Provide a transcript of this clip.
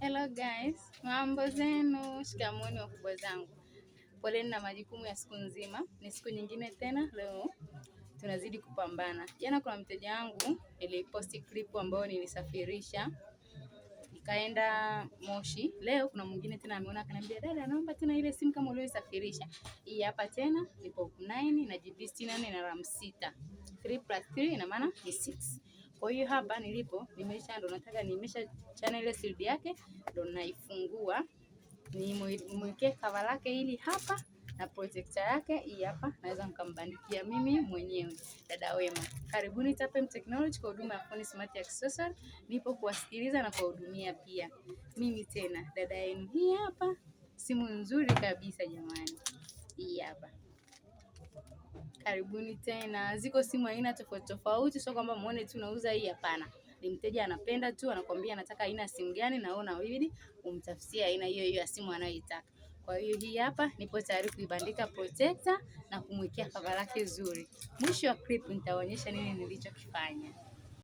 Hello guys, mambo zenu? Shikamoni wakubwa zangu, poleni na majukumu ya siku nzima. Ni siku nyingine tena, leo tunazidi kupambana. Jana kuna mteja wangu niliposti clip ambayo nilisafirisha nikaenda Moshi. Leo kuna mwingine tena ameona, akaniambia dada, naomba tena ile simu kama ulioisafirisha. Hii hapa tena ipo 9 na GB 64 na RAM 6, 3 plus 3 ina maana ni 6 kwa hiyo hapa nilipo nimesha ndo nataka nimesha channel ile shield yake ndo naifungua, nimwekee cover lake hili hapa na projector yake hii hapa, naweza nikambandikia mimi mwenyewe. Dada wema, karibuni Tapem Technology kwa huduma ya phone smart accessory. Nipo kuwasikiliza na kuwahudumia pia. Mimi tena dada yenu, hii hapa simu nzuri kabisa jamani, hii hapa karibuni tena. Ziko simu aina tofauti tofauti, sio kwamba muone tu nauza hii, hapana. Ni mteja anapenda tu, anakuambia anataka aina ya simu gani, na wewe unabidi umtafsia aina hiyo hiyo ya simu anayoitaka. Kwa hiyo hii hapa nipo tayari kuibandika protector na kumwekea kava lake zuri. Mwisho wa clip nitaonyesha nini nilichokifanya.